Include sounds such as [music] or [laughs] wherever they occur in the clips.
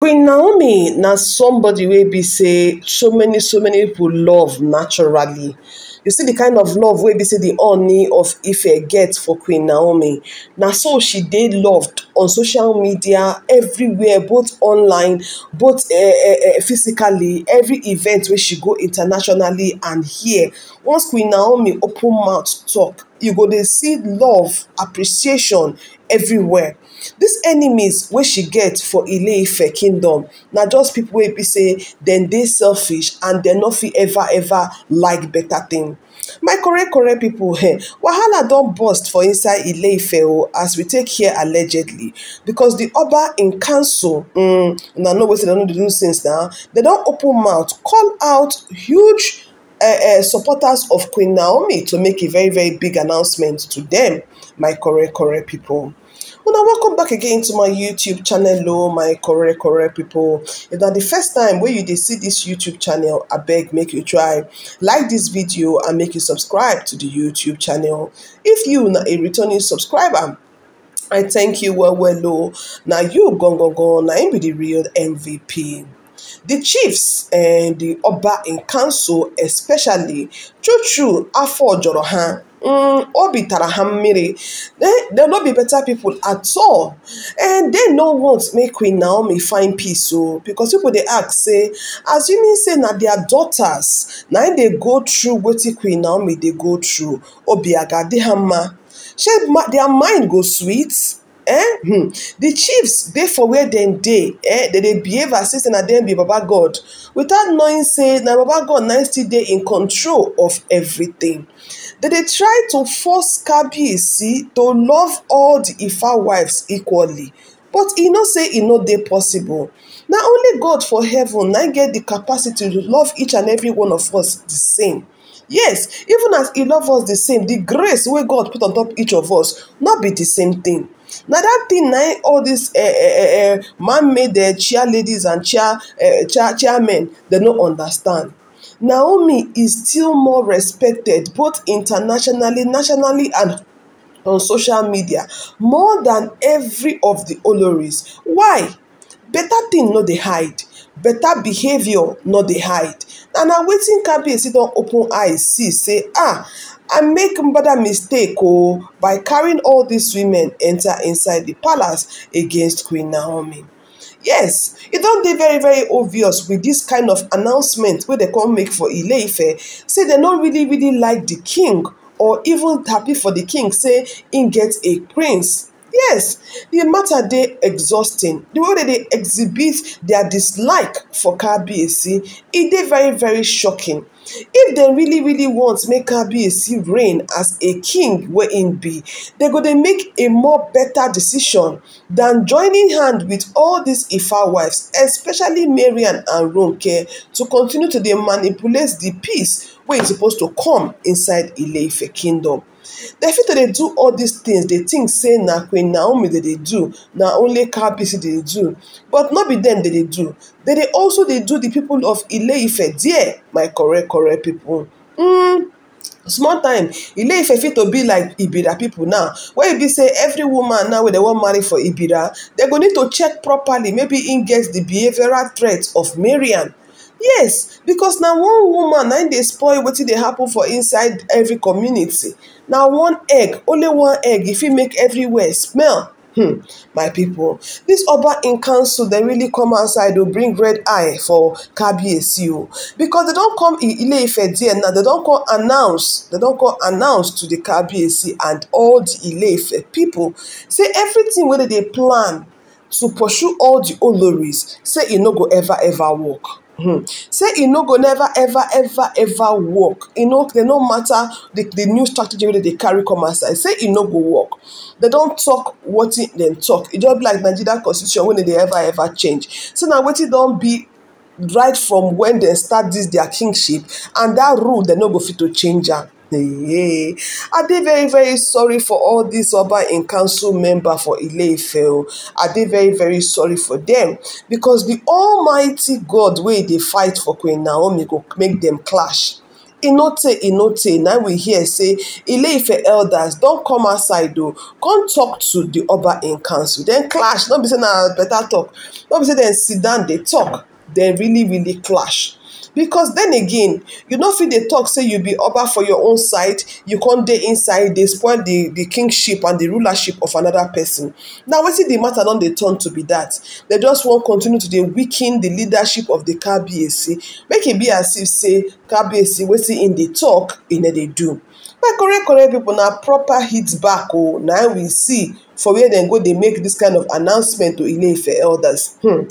Queen Naomi na somebody wey be say so many so many people love naturally. You see the kind of love wey be say the Ooni of Ife get for Queen Naomi. Na so she dey loved on social media, everywhere, both online, both uh, uh, physically, every event wey she go internationally and here. Once Queen Naomi open mouth talk, you go dey see love, appreciation everywhere these enemies wey she get for ile-ife kingdom na just people wey be say dem dey selfish and dem no fit ever ever like better thing. my correct correct pipo eh wahala don burst for inside ile-ife o oh, as we take hear allegedly because the oba in council um una know wetin dem no dey do since na dem don open mouth call out huge uh, uh, supporters of Queen Naomi to make a very, very big announcement to them, my Kore Kore people. Well, now welcome back again to my YouTube channel, oh my Kore Kore people. If not the first time where you they see this YouTube channel, I beg, make you try. Like this video and make you subscribe to the YouTube channel. If you not a returning subscriber, I thank you well, well, oh. Now you gone, gone, gone. Now you be the real MVP. The chiefs and eh, the Oba in council especially true true afọ ọjọrọ ha mm, obi tara ha mmiri they, they no be better people at all and they no want make Queen Naomi find peace o oh, because people dey ask say assuming say na their daughters na im dey go through wetin Queen Naomi dey go through obi aga dey ha mma shey their mind go sweet eh hmm. the chiefs they for where them day, eh dem they behave as if they na dem be baba god without knowing say na baba god na still in control of everything dem they try to force kabiyesi to love all the ifa wives equally but he know say e not they possible Now only god for heaven I get the capacity to love each and every one of us the same yes even as he love us the same the grace where god put on top each of us not be the same thing na dat thing na why all dis eh, eh, eh, manmade chair ladies and chair chair chair no understand. naomi is still more respected both internationally nationally and on social media more than every of di olories. why? beta tin no dey hide. better behavior no dey hide na na wetin kabiyesi don open eye see say ah i make better mistake oo oh, by carrying all these women enter inside the palace against queen naomi. yes it don't dey very very obvious with this kind of announcement wey they come make for ileife say dem no really really like the king or even happy for the king say im get a prince Yes, the matter dey exhausting. The way they exhibit their dislike for Kabiyesi, it dey very very shocking. If they really really want make Kabiyesi reign as a king wey im be, dem go dey make a more better decision than joining hand with all these Ifa wives, especially Marian and Ronke, to continue to dey manipulate the peace where e supposed to come inside Ile-Ife kingdom. Davido dey do all these things dey think say na Queen Naomi dey dey do, na only KBC dey dey do. But no be dem dey dey do, dey dey also dey do the people of Ile-Ife there, my correct correct people. Mm. small time ile-ife fit to be like ibira people now wey e be say every woman now wey dem wan marry for ibira dem go need to check properly maybe im get di behavioural threat of maryam yes because na one woman na im dey spoil wetin dey happen for inside every community na one egg only one egg e fit make everywhere smell hmm my people, this oba in council dem really come outside to bring red eye for kabiyesi o because dem don come ileife there now dem don come announce dem don come announce to the kabiyesi and all di ileife people. say everything wey dem dey plan to pursue all di oloris say e no go ever ever work Hmm. say e no go never ever ever ever work e they no matter the the new strategy wey dem carry come aside. say e no go work dem don talk wetin dem talk It e just be like nigeria constitution when they ever ever change so now what it don't be right from when they start this their kingship and that rule they no go fit to change am Hey, I did very, very sorry for all these Oba in council member for Ileife. I did very, very sorry for them because the Almighty God way they fight for Queen Naomi go make them clash. Inote, Inote, now we hear say Ileife elders don come outside though, come talk to the Oba in council. Then clash, no be say na better talk, no be say then sit down, They talk, dem really, really clash because then again you no fit dey talk, say you be oba for your own side you con dey inside dey spoil the kingship and the rulership of another person now wetin the matter don dey turn to be that? They just wan continue to dey weaken the leadership of the kbac make e be as if say kbac wetin im dey tok e no dey do my correct correct people na proper hit back o oh. na we see for where dem go dey make this kind of announcement to ileife elders hmm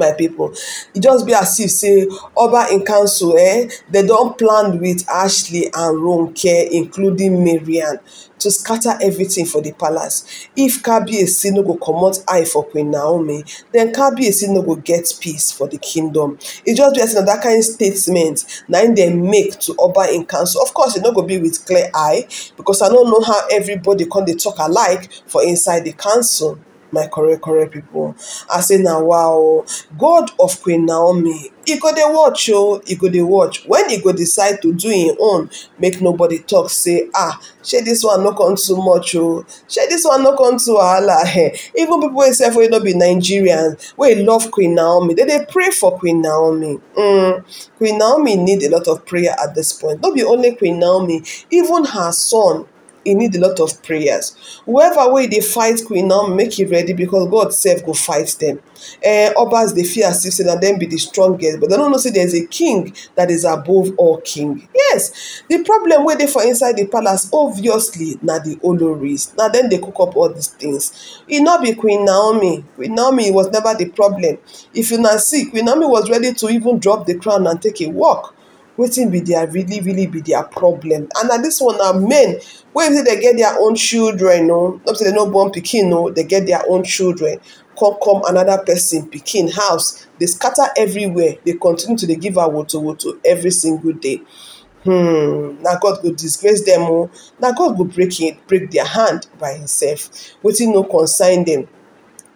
my people it e just be as if say oba in council eh They don't plan with ashley and ronke including marian to scatter everything for the palace if kabiyesi no go comot eye for queen naomi then kabiyesi no go get peace for the kingdom It e just be as na dat kain statement na they make to oba in council of course e no go be with clear eye because i don't know how everybody can they talk alike for inside the council my correct correct people. i say now, wow god of queen naomi he go dey watch o he go dey watch when he go decide to do his e own make nobody talk. say ah share this one no come too much oh. Share this one no come too wahala eh even pipo say for you not be nigerians we love queen naomi They they pray for queen naomi mm, queen naomi need a lot of prayer at this point no be only queen naomi even her son He need a lot of prayers whoever wey dey fight queen now make e ready because god sef go fight dem eh, obas dey fear as if say na dem be the strongest but dem no know say there's a king that is above all king yes the problem wey dey for inside the palace obviously na the oloris na dem dey cook up all these things e no be queen naomi queen naomi was never the problem if you na see queen naomi was ready to even drop the crown and take a walk wetin be their really really be their problem and na this one na men wey be say dem get their own children o no be say dem no born pikin No, they get their own children come come another person pikin house They scatter everywhere They continue to dey give her woto woto every single day hmm na god go disgrace them. o oh. na god go break it break their hand by himself wetin no concern them.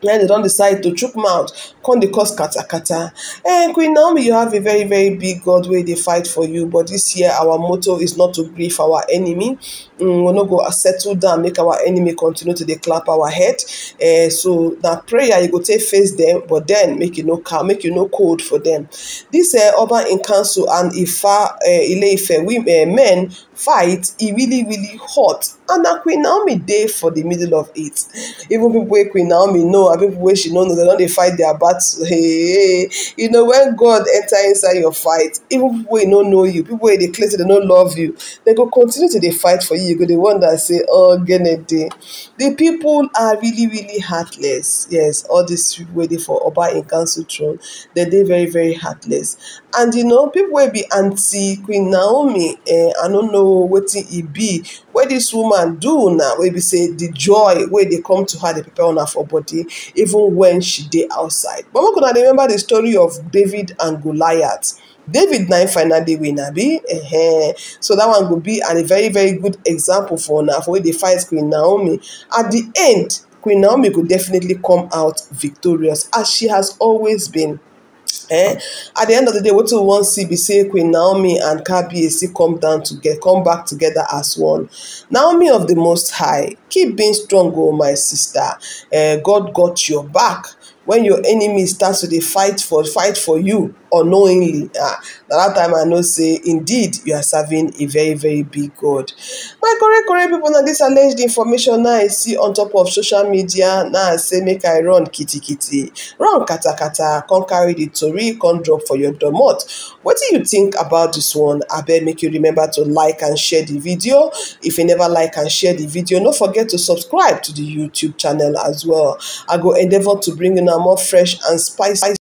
Then they don't decide to choke mouth come dey cause kata. And eh, queen naomi you have a very very big god where they fight for you but this year our motto is not to grieve our enemy Mm, we no go settle down make our enemy continue to declare clap our head uh, so that prayer you go take face them, but then make you no calm make you no cold for them. this uh, eh, urban in council and a, uh, a women uh, men fight it really really hot and na queen naomi day for the middle of it even people wey queen naomi know and people where she no know don't dey fight their But [laughs] hey, hey you know when god enter inside your fight even people wey no know you people where they claim they do no love you They go continue to they fight for you you go the one that say oh gene dey the people are really really heartless yes all these pipo wey dey for oba in council throne dem dey very very heartless and you know people wey be anti queen naomi eh i no know wetin e be wey this woman do na wey be say the joy wey dey come to her dey prepare una for body even when she dey outside but make una remember the story of david and goliath david na finally win abi -huh. so that one go be a very very good example for una for wey dey fight queen naomi at the end queen naomi go definitely come out victorious as she has always been eh at the end of the day wetin we wan see be say queen naomi and kabiyesi come down to get come back together as one naomi of the most high keep being strong o oh my sister eh god got your back when your enemy start to dey fight for fight for you unknowingly ah na that time i know say indeed you are serving a very very big god my correct correct people na this alleged information na i see on top of social media na i say make i run kitikiti run katakata come carry the tori come drop for your domot wetin you think about this one abeg make you remember to like and share the video if you never like and share the video no forget to subscribe to the youtube channel as well i go endeavour to bring una more fresh and spicy